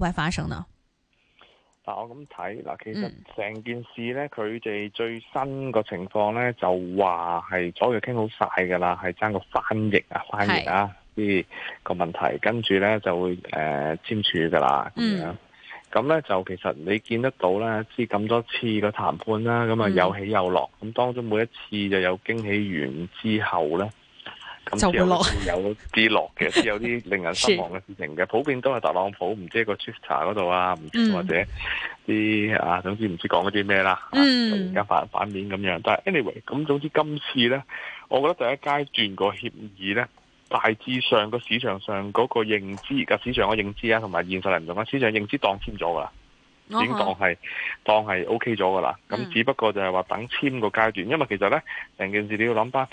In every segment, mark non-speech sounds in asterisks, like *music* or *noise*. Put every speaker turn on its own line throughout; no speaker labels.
會發生呢？
嗱，我咁睇嗱，其實成件事咧，佢哋最新個情況咧，就話係左右傾好晒噶啦，係爭個翻譯啊，翻譯啊啲個問題，跟住咧就會誒簽署噶啦咁樣。咁咧就其實你見得到咧，知咁多次個談判啦，咁啊有起有落，咁、嗯、當中每一次就有驚喜完之後咧。咁先有有啲落嘅，有啲令人失望嘅事情嘅， *laughs* 普遍都係特朗普唔知個 Twitter 嗰度啊，唔知、嗯、或者啲啊，總之唔知講嗰啲咩啦，就而家反反面咁樣。但係 anyway，咁總之今次咧，我覺得第一階段個協議咧，大致上個市場上嗰個認知，而家市場嘅認知啊，同埋現實嚟唔同個市場認知當簽咗噶啦，已經當係、嗯、當係 OK 咗噶啦。咁只不過就係話等簽個階段，因為其實咧成件事你要諗翻。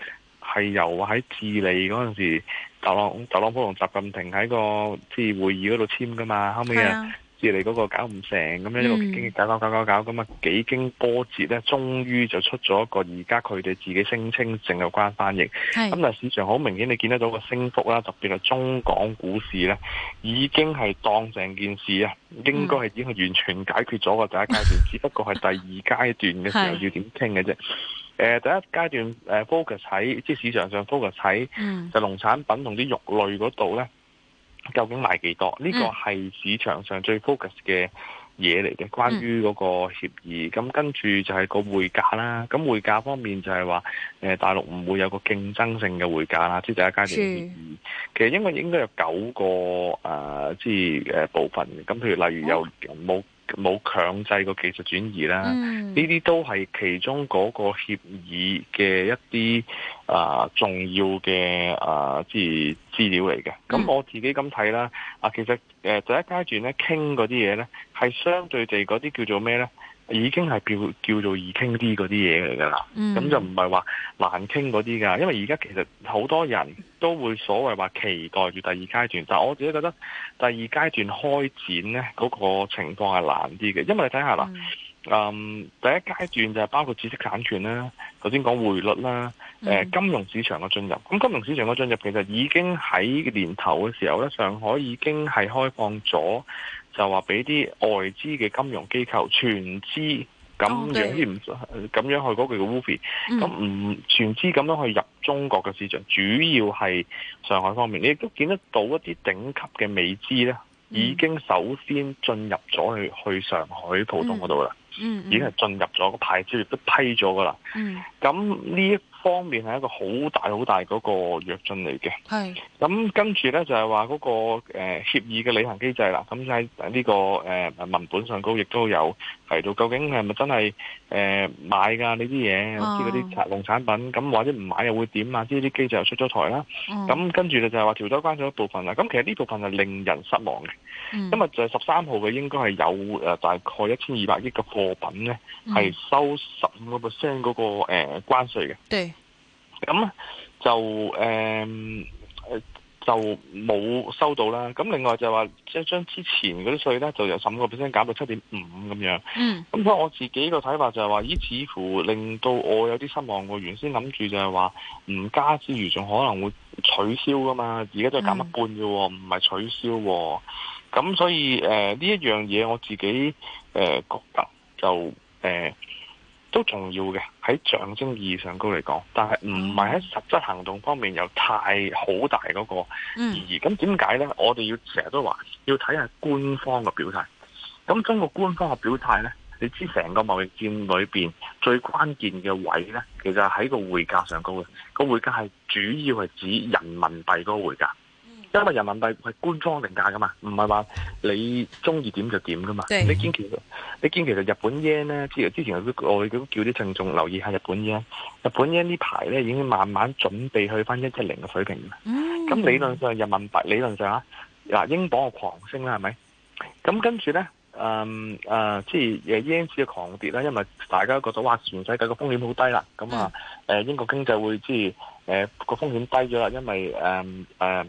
係由喺智利嗰陣時，特朗普、特朗普同習近平喺個智系會議嗰度簽噶嘛，啊嗯、後尾啊智利嗰個搞唔成，咁樣呢個經搞搞搞搞搞，咁啊幾經波折咧，終於就出咗一個而家佢哋自己聲稱淨有關翻譯，咁但係市場好明顯，你見得到個升幅啦，特別係中港股市咧，已經係當成件事啊，應該係已經係完全解決咗個第一階段， *laughs* 只不過係第二階段嘅時候要點傾嘅啫。誒，第一階段，誒 focus 喺即係市場上 focus 喺就農產品同啲肉類嗰度咧，究竟賣幾多？呢個係市場上最 focus 嘅嘢嚟嘅，關於嗰個協議。咁跟住就係個匯價啦。咁匯價方面就係話，誒大陸唔會有個競爭性嘅匯價啦。即係第一階段協議。其實應該應該有九個誒，即係誒部分嘅。咁譬如例如有羊毛。冇強制個技術轉移啦，呢、嗯、啲都係其中嗰個協議嘅一啲啊、呃、重要嘅啊，資、呃、資料嚟嘅。咁我自己咁睇啦，啊，其實誒第一階段咧傾嗰啲嘢咧，係、呃、相對地嗰啲叫做咩咧？已經係叫叫做易傾啲嗰啲嘢嚟噶啦，咁、嗯、就唔係話難傾嗰啲噶，因為而家其實好多人都會所謂話期待住第二階段，但係我自己覺得第二階段開展呢嗰、嗰個情況係難啲嘅，因為你睇下啦、嗯，嗯，第一階段就係包括知識產權啦，頭先講匯率啦，誒、呃，金融市場嘅進入，咁、嗯、金融市場嘅進入其實已經喺年頭嘅時候呢，上海已經係開放咗。就話俾啲外資嘅金融機構全資咁樣唔咁、oh, okay. 去嗰句嘅 w o o f e 咁唔全資咁樣去入中國嘅市場，主要係上海方面，你亦都見得到一啲頂級嘅美資咧，mm -hmm. 已經首先進入咗去去上海浦東嗰度啦，mm
-hmm. 已經係
進入咗個牌照亦都批咗噶啦，咁、mm、呢 -hmm. 一方面係一個好大好大嗰個躍進嚟嘅，係咁、嗯、跟住咧就係話嗰個誒協、呃、議嘅履行機制啦。咁喺呢個誒、呃、文本上高亦都有提到，究竟係咪真係誒、呃、買㗎呢啲嘢？好似嗰啲農產品咁，或者唔買又會點啊？呢啲機制又出咗台啦。咁、嗯嗯、跟住咧就係話調咗關稅一部分啦。咁、啊、其實呢部分係令人失望嘅，今、嗯、日就係十三號嘅應該係有啊、呃、大概一千二百億嘅貨品咧係、嗯、收十五、個 percent 嗰個誒關稅嘅。咁、嗯、就誒、嗯、就冇收到啦。咁另外就話即係將之前嗰啲稅咧，就由十五個 percent 減到七點五咁樣。嗯。咁所以我自己個睇法就係話，依似乎令到我有啲失望。我原先諗住就係話唔加之餘，仲可能會取消噶嘛。就減而家都係減一半啫喎，唔、嗯、係取消喎。咁所以誒呢、呃、一樣嘢，我自己誒、呃、覺得就誒。呃都重要嘅，喺象徵意義上高嚟講，但係唔係喺實質行動方面有太好大嗰個意義。咁點解咧？我哋要成日都話要睇下官方嘅表態。咁中國官方嘅表態咧，你知成個貿易戰裏邊最關鍵嘅位咧，其實係喺個匯價上高嘅。個匯價係主要係指人民幣嗰個匯價。因為人民幣係官方定價噶嘛，唔係話你中意點就點噶嘛。你見其實，你見其實日本 yen 呢，之之前我哋都叫啲聽眾留意一下日本 yen。日本 yen 呢排呢已經慢慢準備去翻一七零嘅水平咁、嗯、理論上人民幣理論上嚇，嗱，英鎊個狂升啦，係咪？咁跟住呢，誒、嗯、誒、呃，即係 yen 市嘅狂跌啦，因為大家覺得哇，全世界個風險好低啦，咁、嗯、啊，誒、嗯、英國經濟會即係誒個風險低咗啦，因為誒誒。呃呃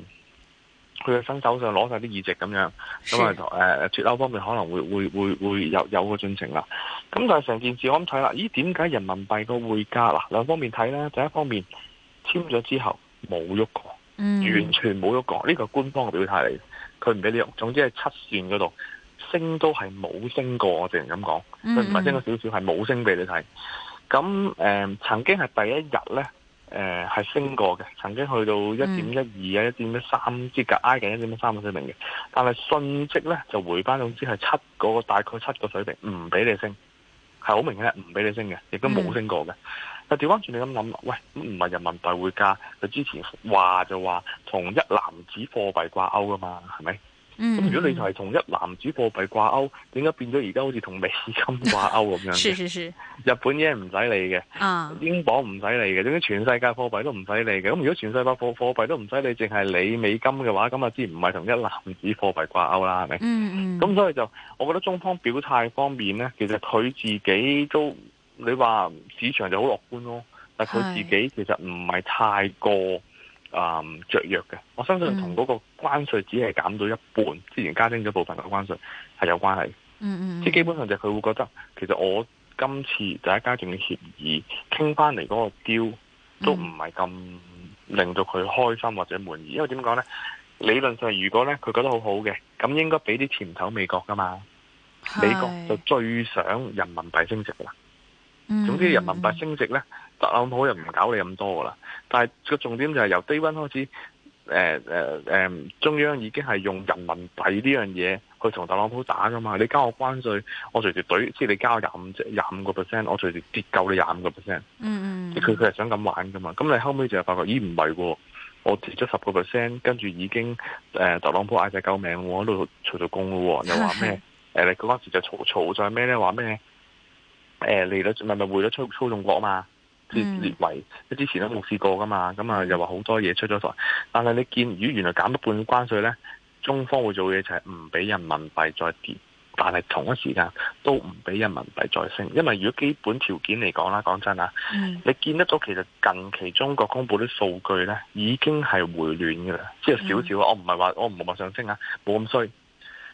佢嘅新手上攞曬啲議席咁樣，咁啊誒脫歐方面可能會會會會有有個進程啦。咁但係成件事我咁睇啦，咦點解人民幣個匯價啦兩方面睇咧？第一方面簽咗之後冇喐過，完全冇喐過，呢個官方嘅表態嚟，佢唔俾你喐。總之係七線嗰度升都係冇升過，我淨係咁講，佢唔係升咗少少，係冇升俾你睇。咁誒曾經係第一日咧。誒、呃、係升過嘅，曾經去到一點一二啊、一點一三之隔，挨緊一點一三個水平嘅。但係信息咧就回翻，總之係七個，大概七個水平，唔俾你升，係好明顯唔俾你升嘅，亦都冇升過嘅、嗯。但調翻轉你咁諗，喂唔係人民幣匯價，佢之前話就話同一籃子貨幣掛鉤㗎嘛，係咪？咁、嗯、如果你就係同一籃子貨幣掛鈎，點解變咗而家好似同美金掛鈎咁樣？ *laughs* 是是是。日本嘢唔使理嘅、嗯，英鎊唔使理嘅，全世界貨幣都唔使理嘅。咁如果全世界貨貨幣都唔使理，淨係你美金嘅話，咁啊知唔係同一籃子貨幣掛鈎啦，係咪？嗯嗯。咁所以就，我覺得中方表態方面咧，其實佢自己都，你話市場就好樂觀咯、哦，但佢自己其實唔係太過。啊、嗯，雀躍嘅，我相信同嗰個關稅只係減到一半，嗯、之前加徵咗部分嘅關稅係有關係。嗯嗯，即係基本上就係佢會覺得，其實我今次就係家徵嘅協議，傾翻嚟嗰個標都唔係咁令到佢開心或者滿意。因為點講咧？理論上如果咧佢覺得好好嘅，咁應該俾啲甜頭美國噶嘛，美國就最想人民幣升值啦。總之人民幣升值咧，特朗普又唔搞你咁多噶啦。但係個重點就係由低溫開始，誒誒誒，中央已經係用人民幣呢樣嘢去同特朗普打噶嘛。你交我關稅，我隨時懟，即係你交廿五隻廿五個 percent，我隨時跌夠你廿五個 percent。即係佢佢係想咁玩噶嘛。咁你後尾就發覺，咦唔係噶，我跌咗十個 percent，跟住已經誒特朗普嗌晒救命，我喺度做咗工咯，又話咩？誒， *laughs* 你嗰陣時就嘈嘈在咩咧？話咩？誒，嚟到咪咪回咗操操縱國啊嘛，
列、嗯、
為之前都冇試過噶嘛，咁啊又話好多嘢出咗台，但係你見如果原來減咗半關稅咧，中方會做嘢就係唔俾人民幣再跌，但係同一時間都唔俾人民幣再升，因為如果基本條件嚟講啦，講真啊、嗯，你見得到其實近期中國公布啲數據咧，已經係回暖噶啦，即係少少，我唔係話我唔冇話上升啊，冇咁衰。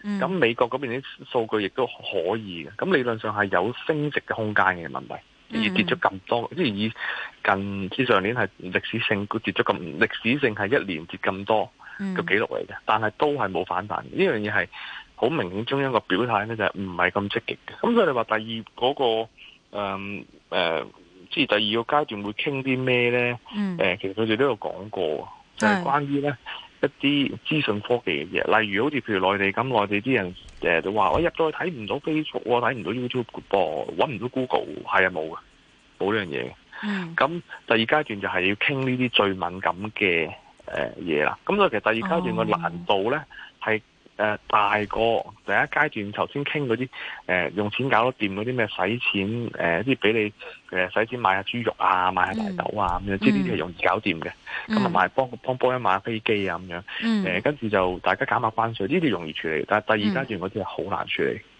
咁、嗯、美國嗰邊啲數據亦都可以嘅，咁理論上係有升值嘅空間嘅問題，而跌咗咁多，嗯、即係以近似上年係歷史性跌咗咁，歷史性係一年跌咁多嘅記錄嚟嘅、嗯，但係都係冇反彈。呢樣嘢係好明顯中央個表態咧，就係唔係咁積極嘅。咁所以你話第二嗰、那個誒、嗯呃、即係第二個階段會傾啲咩咧？誒、其實佢哋都有講過，就係、是、關於咧，一啲資訊科技嘅嘢，例如好似譬如內地咁，內地啲人誒就話我入到去睇唔到 Facebook，睇唔到 YouTube 噃，揾唔到 Google，係啊，冇嘅，冇呢樣嘢嘅。咁、嗯、第二階段就係要傾呢啲最敏感嘅誒嘢啦。咁、呃、所以其實第二階段個難度咧係。哦誒、呃，大個第一階段，頭先傾嗰啲誒，用錢搞得掂嗰啲咩使錢，誒、呃，即係俾你誒、呃，使錢買下豬肉啊，買下大豆啊，咁、嗯、樣，即呢啲係容易搞掂嘅。咁、嗯、啊，買幫幫波音買下飛機啊，咁樣，誒、呃，跟住就大家減下關稅，呢啲容易處理。但係第二階段嗰啲係好難處理。嗯
嗯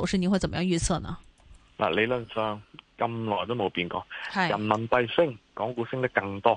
走勢你會怎麼樣預測呢？
嗱，理論上咁耐都冇變過，人民幣升，港股升得更多。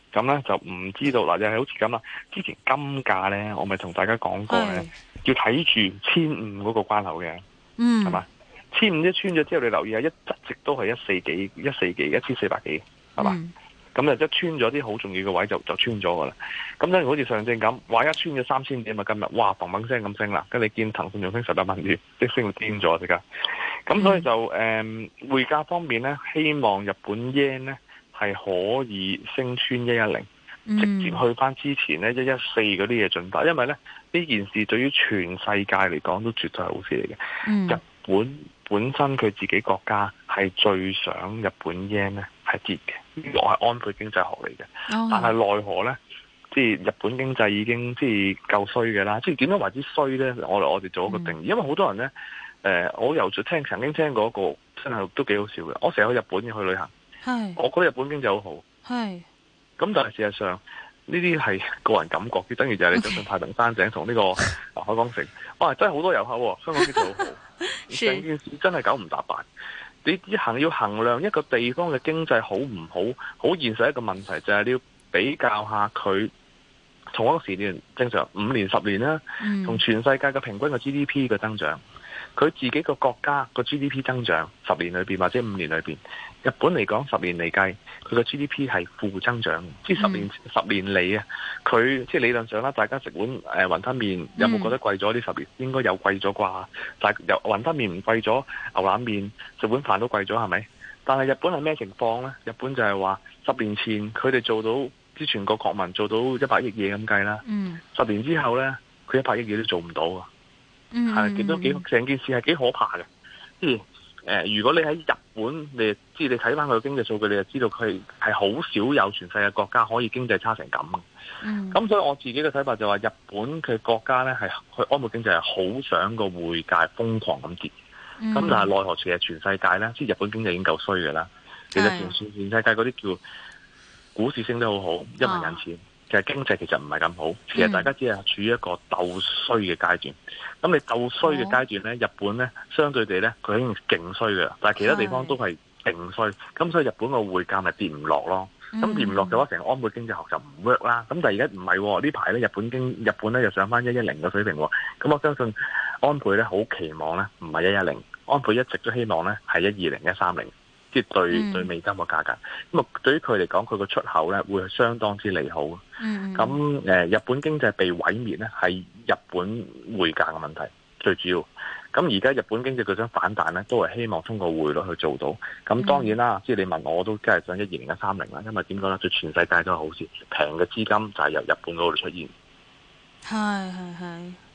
咁咧就唔知道啦就係、是、好似咁啦之前金價咧，我咪同大家講過咧，要睇住千五嗰個關口嘅，係、嗯、嘛？千五一穿咗之後，你留意下，一直都係、嗯、一四幾、一四幾、一千四百幾，係嘛？咁就一穿咗啲好重要嘅位，就就穿咗噶啦。咁就係好似上證咁，話一穿咗三千點，咪今日哇砰砰聲咁升啦！跟住見騰訊仲升十幾萬點，即升到癲咗，即係咁。所以就誒匯價方面咧，希望日本 yen 咧。係可以升穿一一零，
直接去
返之前呢一一四嗰啲嘢進化。因為咧呢呢件事對於全世界嚟講都絕對係好事嚟嘅、嗯。日本本身佢自己國家係最想日本 yen 係跌嘅，我係、嗯、安倍經濟學嚟嘅、哦，但係奈何呢？即係日本經濟已經即係夠衰嘅啦。即係點樣為之衰呢？我我哋做一個定義，嗯、因為好多人呢，誒、呃，我由住聽曾經聽過一個真係都幾好笑嘅，我成日去日本去旅行。係，我覺得日本經濟好好。
係，
咁但係事實上呢啲係個人感覺，即等於就係你就信派太平山頂同呢個海港城，Okay. 哇，真係好多遊客，香港經濟好，成 *laughs* 件事真係九唔搭八，你只行要衡量一個地方嘅經濟好唔好，好現實一個問題就係你要比較下佢同一個時段，正常五年，十年的的、十年
啦，同全
世界嘅平均嘅 GDP 嘅增長，佢自己個國家個 GDP 增長十年裏邊或者五年裏邊。日本嚟講，十年嚟計，佢個 GDP 係負增長，就是嗯，即係十年十年嚟啊！佢即係理論上啦，大家食碗誒雲吞麵有冇覺得貴咗啲？呢十年應該有貴咗啩？但係雲吞麵唔貴咗，牛腩麵食碗飯都貴咗，係咪？但係日本係咩情況咧？日本就係話十年前佢哋做到，即全國國民做到一百億嘢咁計啦。嗯，十年之後咧，佢一百億嘢都做唔到啊。嗯，係幾多幾成件事係幾可怕嘅。嗯。誒，如果你喺日本，你即你睇翻佢經濟數據，你就知道佢係好少有全世界國家可以經濟差成咁咁、嗯、所以我自己嘅睇法就話，日本嘅國家咧，係去安倍經濟係好想個匯價瘋狂咁跌，
咁、嗯、但係
奈何其實全世界咧，即日本經濟已經夠衰㗎啦，其實全全世界嗰啲叫股市升得好好，一文銀錢。啊。其實經濟其實唔係咁好，其實大家只係，處於一個鬥衰嘅階段。咁、嗯、你鬥衰嘅階段咧、嗯，日本咧相對地咧，佢已經勁衰嘅，但係其他地方都係勁衰。咁所以日本個匯價咪跌唔落咯。咁跌唔落嘅話，成、嗯、安倍經濟學就唔 work 啦。咁但係而家唔係，呢排咧日本經日本咧又上翻一一零嘅水平。咁我相信安倍咧好期望咧，唔係一一零。安倍一直都希望咧係一二零、一三零。即對對美金個價格，咁、嗯、啊對於佢嚟講，佢個出口咧會係相當之利好。咁、嗯、誒、呃，日本經濟被毀滅咧，係日本匯價嘅問題最主要。咁而家日本經濟佢想反彈咧，都係希望通過匯率去做到。咁當然啦，即係你問我，我都，梗係想一二零一三零啦，因為點講咧？對全世界都係好少，平嘅資金就係由日本嗰度出現。
係係係。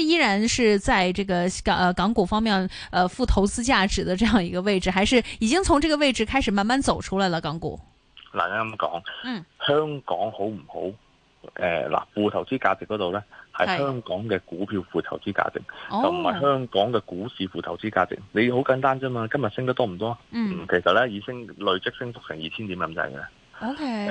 依然是在這個港港股方面，呃，負投資價值的這樣一個位置，還是已經從這個位置開始慢慢走出來了港股。
嗱，啱啱講，嗯，香港好唔好？誒、呃，嗱，負投資價值嗰度咧，係香港嘅股票負投資價值，
就唔係香
港嘅股市負投資價值。哦、你好簡單啫嘛，今日升得多唔多？嗯，其實咧，已升累積升幅成二、okay, 呃、千點咁滯嘅。
O K，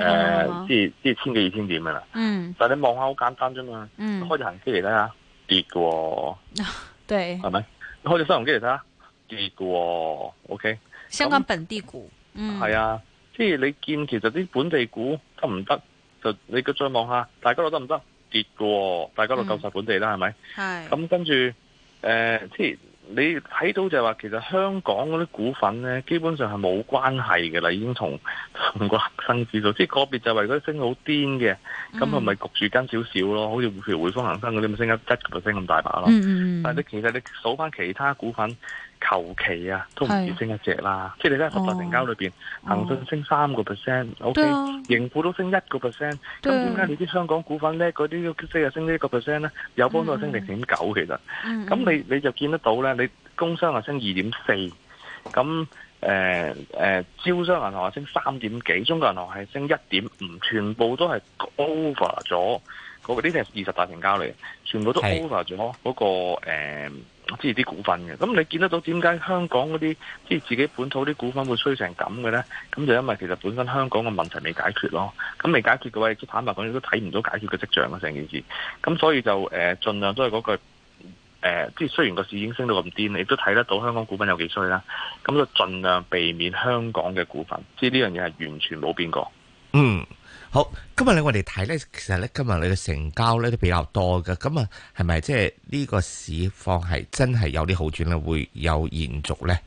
誒，即係
即係千幾二千點噶啦。嗯，但你望下好簡單啫嘛。嗯，開住行式嚟啦。跌嘅、哦， *laughs* 對，係咪？開隻收音機嚟睇下，跌嘅、哦，OK。
香港本地股，嗯，係啊，
即係你見其實啲本地股得唔得？就你個再望下，大家樂得唔得？跌嘅、哦，大家樂夠晒本地啦，係、嗯、咪？係。咁跟住，誒、呃，即係。你睇到就係話，其實香港嗰啲股份咧，基本上係冇關係嘅啦，已經同同個恒生指數即係個別就為佢升好癲嘅，咁係咪焗住跟少少咯？好似匯匯豐恒生嗰啲咪升一一個升咁大把咯，mm -hmm. 但你其實你數翻其他股份。求其啊，都唔止升一隻啦，即係你睇十大成交裏邊，騰、哦、訊升三個 percent，OK，盈富都升一個 percent，咁點解，你啲香港股份咧，嗰啲即係升一個 percent 咧？有幫到升零點九其實，咁、嗯、你你就見得到咧，你工商啊升二點四，咁誒誒，招商銀行啊升三點幾，中國銀行係升一點五，全部都係 over 咗嗰啲係二十大成交嚟，全部都 over 咗、那個。咯，嗰、那個、呃即係啲股份嘅，咁你見得到點解香港嗰啲即係自己本土啲股份會衰成咁嘅呢？咁就因為其實本身香港嘅問題未解決咯，咁未解決嘅話，即係坦白講都睇唔到解決嘅跡象咯，成件事。咁所以就誒盡量都係嗰句，誒即係雖然個市已經升到咁癲，你都睇得到香港股份有幾衰啦。咁就盡量避免香港嘅股份，即係呢樣嘢係完全冇變過。嗯。好，今日咧我哋睇咧，其實咧今日你嘅成交咧都比較多嘅，咁啊係咪即係呢個市況係真係有啲好轉咧，會有延續咧？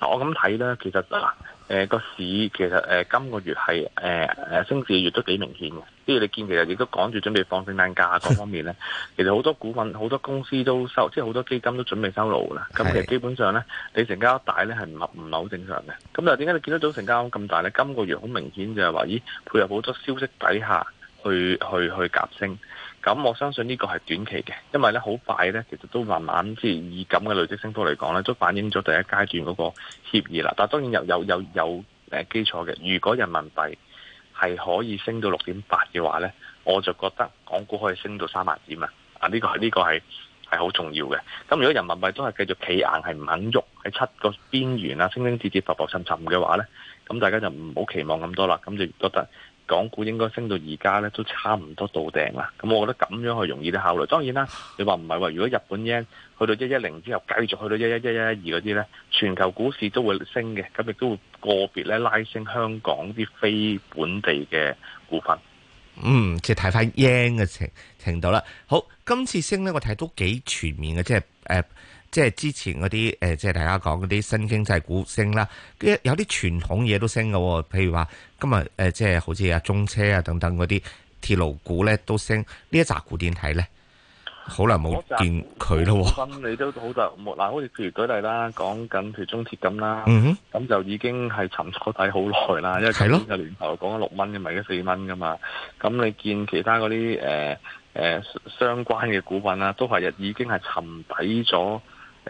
嗱，我咁睇咧，其實嗱，誒、呃、個市其實誒、呃、今個月係誒誒升市月都幾明顯嘅。所以你見其實亦都趕住準備放聖誕假嗰方面咧， *laughs* 其實好多股份、好多公司都收，即係好多基金都準備收爐啦。咁其實基本上咧，你成交大咧係唔唔係好正常嘅。咁但係點解你見得到成交咁大咧？今個月好明顯就係話，咦配合好多消息底下去去去夾升。咁我相信呢個係短期嘅，因為咧好快咧，其實都慢慢即係以噉嘅累積升幅嚟講咧，都反映咗第一階段嗰個協議啦。但係當然又有有有誒基礎嘅，如果人民幣，係可以升到六點八嘅話呢，我就覺得港股可以升到三萬點啊！啊，呢、呢個係呢、呢個係係好重要嘅。咁如果人民幣都係繼續企硬，係唔肯喐喺七個邊緣啊，升升跌跌，浮浮沉沉嘅話呢，咁大家就唔好期望咁多啦。咁就覺得。港股應該升到而家咧，都差唔多到頂啦。咁我覺得咁樣係容易啲考慮。當然啦，你話唔係話，如果日本 yen 去到一一零之後，繼續去到一一一一一二嗰啲咧，全球股市都會升嘅，咁亦都會個別咧拉升香港啲非本地嘅股份。嗯，即係睇返 yen 嘅程程度啦。好，今次升咧，我睇都幾全面嘅，即係誒。呃即係之前嗰啲誒，即係大家講嗰啲新經濟股升啦，有啲傳統嘢都升嘅，譬如話今日誒、呃，即係好似啊中車啊等等嗰啲鐵路股咧都升。呢一扎股點睇咧？好耐冇見佢咯。咁你都好就冇嗱，好似譬如舉例啦，講緊譬如中鐵咁啦，咁、嗯、就已經係沉咗底好耐啦。因為個年頭講咗六蚊嘅，咪得四蚊嘅嘛。咁你見其他嗰啲誒誒相關嘅股份啦，都係已經係沉底咗。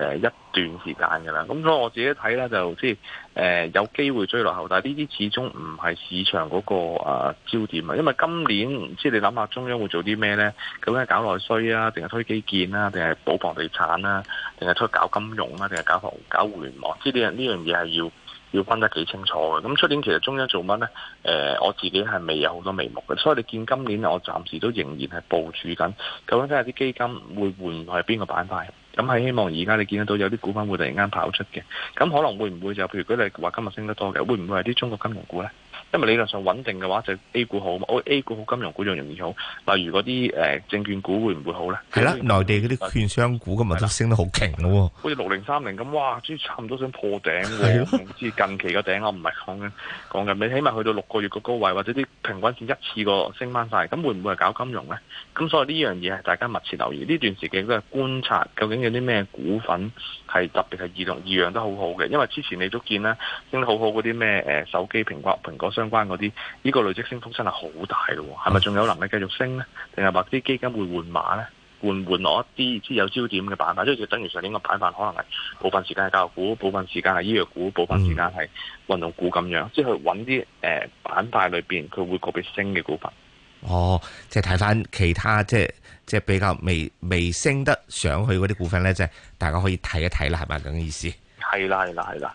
呃、一段時間㗎啦，咁所以我自己睇咧就即係、呃、有機會追落後，但呢啲始終唔係市場嗰、嗰個、呃、焦點啊，因為今年即係你諗下中央會做啲咩咧，究竟係搞內需啊，定係推基建啊，定係補房地產啊，定係推搞金融啊，定係搞搞，搞互聯網，即係呢樣呢樣嘢係要要分得幾清楚嘅。咁出年其實中央做乜咧？誒、呃，我自己係未有好多眉目嘅，所以你見今年呢我暫時都仍然係部署緊，究竟睇下啲基金會換係邊個板塊。咁係希望而家你見得到有啲股份會突然間跑出嘅，咁可能會唔會就譬如佢哋話今日升得多嘅，會唔會係啲中國金融股呢？因為理論上穩定嘅話，就是、A 股好嘛？我 A 股好，金融股仲容易好。例如嗰啲誒證券股會唔會好咧？係啦，內地嗰啲券商股今日都升得好勁咯喎！好似六零三零咁，哇！差唔多想破頂喎、啊，好似近期個頂我唔係講嘅講緊，你 *laughs* 起碼去到六個月個高位或者啲平均線一次過升翻晒，咁會唔會係搞金融咧？咁所以呢樣嘢係大家密切留意。呢段時間都係觀察究竟有啲咩股份係特別係異動異樣得好好嘅，因為之前你都見啦，升得好好嗰啲咩誒手機、蘋果、蘋果相關啲，呢、這個累積升幅真係好大嘅喎，係咪仲有能力繼續升呢？定係話啲基金會換馬呢？換換落一啲即係有焦點嘅板塊，即、就、係、是、等於上年嘅板塊，可能係部分時間係教育股，部分時間係醫藥股，部分時間係運動股咁樣，嗯、即係揾啲誒板塊裏邊佢會特別升嘅股份。哦，即係睇翻其他，即係即係比較未未升得上去嗰啲股份呢，即、就、係、是、大家可以睇一睇啦，係咪咁嘅意思？係啦，係啦，係啦。